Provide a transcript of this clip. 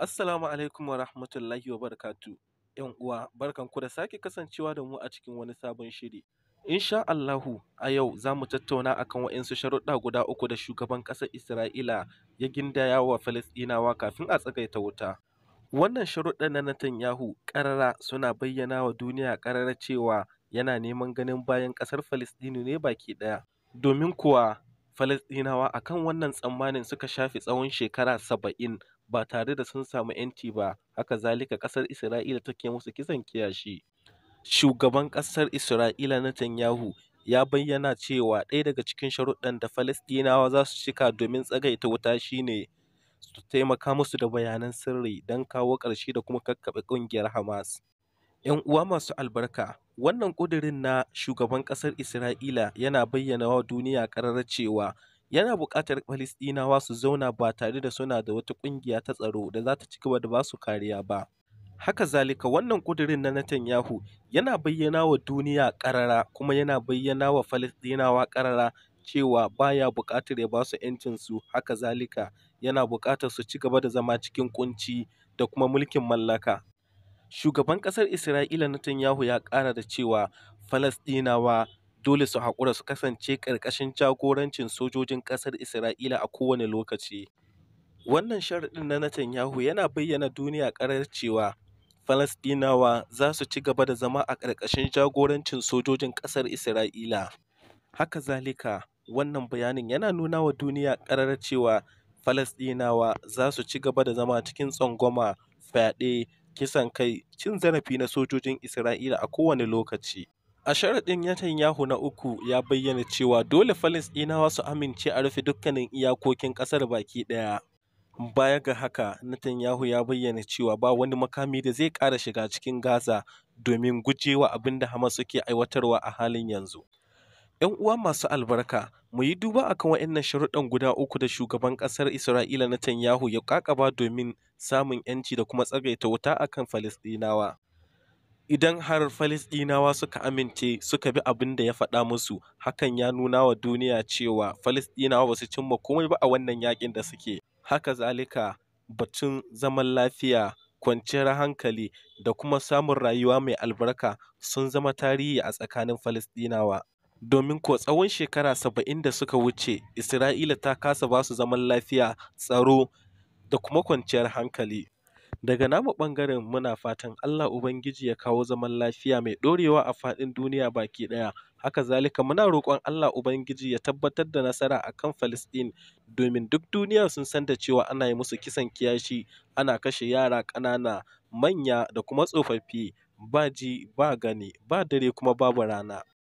Assalamu alaikum wa rahmatullahi wa barakatu. ‘Yan uwa, barkanku da sake kasancewa da mu a cikin wani sabon shiri. Insha Allahu, a yau za mu tattauna akan waɗansu sharuɗa guda uku da shugaban ƙasar Isra'ila ya gindaya wa Falasɗinawa kafin a tsagaita wuta. Wannan sharuɗa na Netanyahu ƙarara suna bayyana wa duniya ƙarara cewa yana neman ganin bayan ƙasar Falasɗinu ne baki ɗaya. Domin kuwa Falasɗinawa akan wannan tsammanin suka shafe tsawon shekara saba'in ba tare da sun samu ‘yanci ba, haka zalika ƙasar Isra'ila take musu kisan kiyashi. Shugaban ƙasar Isra'ila na Tanyahu ya bayyana cewa ɗaya daga cikin sharuɗan da Falasɗinawa za su cika domin tsagaita wuta shine su taimaka musu da bayanan sirri don kawo ƙarshe da kuma kakkaɓe ƙungiyar Hamas. ‘Yan uwa masu albarka, wannan ƙudurin na shugaban ƙasar Isra'ila yana bayyana wa duniya ƙararra cewa yana buƙatar Falasɗinawa su zauna ba tare da suna da wata ƙungiya ta tsaro da za ta ci gaba da ba su kariya ba. Haka zalika wannan ƙudurin na Netanyahu yana bayyana wa duniya ƙarara kuma yana bayyana wa Falasɗinawa ƙarara cewa baya buƙatar ya ba su ‘yancinsu haka zalika yana buƙatar su ci gaba da zama cikin ƙunci da kuma mulkin mallaka. Shugaban ƙasar Isra'ila Netanyahu ya ƙara da cewa Falasɗinawa dole su haƙura su kasance ƙarƙashin jagorancin sojojin ƙasar Isra'ila a kowane lokaci. Wannan sharaɗin na Netanyahu yana bayyana duniya ƙarar cewa Falasɗinawa za su ci gaba da zama a ƙarƙashin jagorancin sojojin ƙasar Isra'ila. Haka zalika, wannan bayanin yana nuna wa duniya ƙarar cewa Falasɗinawa za su ci gaba da zama cikin tsangwama, fyaɗe, kisan kai, cin zarafi na sojojin Isra'ila a kowane lokaci. A sharaɗin Netanyahu na uku ya bayyana cewa dole Falasɗinawa su amince a rufe dukkanin iyakokin ƙasar baki ɗaya. Baya ga haka, Netanyahu ya bayyana cewa ba wani makami da zai ƙara shiga cikin Gaza domin gujewa abin da Hamas suke aiwatarwa a halin yanzu. ‘Yan uwa masu albarka, mu yi duba a kan waɗannan sharuɗan guda uku da shugaban ƙasar Isra'ila Netanyahu ya ƙaƙaba domin samun ‘yanci da kuma tsagaita wuta a akan Falasɗinawa. idan har Falisdinawa suka amince suka bi abin da ya faɗa musu hakan ya nuna wa duniya cewa Falisdinawa ba su cimma komai ba a wannan yakin da suke haka zalika batun zaman lafiya kwanciyar hankali da kuma samun rayuwa mai albarka sun zama tarihi a tsakanin Falisdinawa. domin ko tsawon shekara saba'in da suka wuce Isra'ila ta kasa ba su zaman lafiya tsaro da kuma kwanciyar hankali Daga namu ɓangaren muna fatan Allah Ubangiji ya kawo zaman lafiya mai ɗorewa a faɗin duniya baki ɗaya. Haka zalika muna roƙon Allah Ubangiji ya tabbatar da nasara a kan Falasɗin domin duk duniya sun san da cewa ana yi musu kisan kiyashi, ana kashe yara ƙanana, manya da kuma tsofaffi, ba ji ba gani, ba dare kuma babu rana.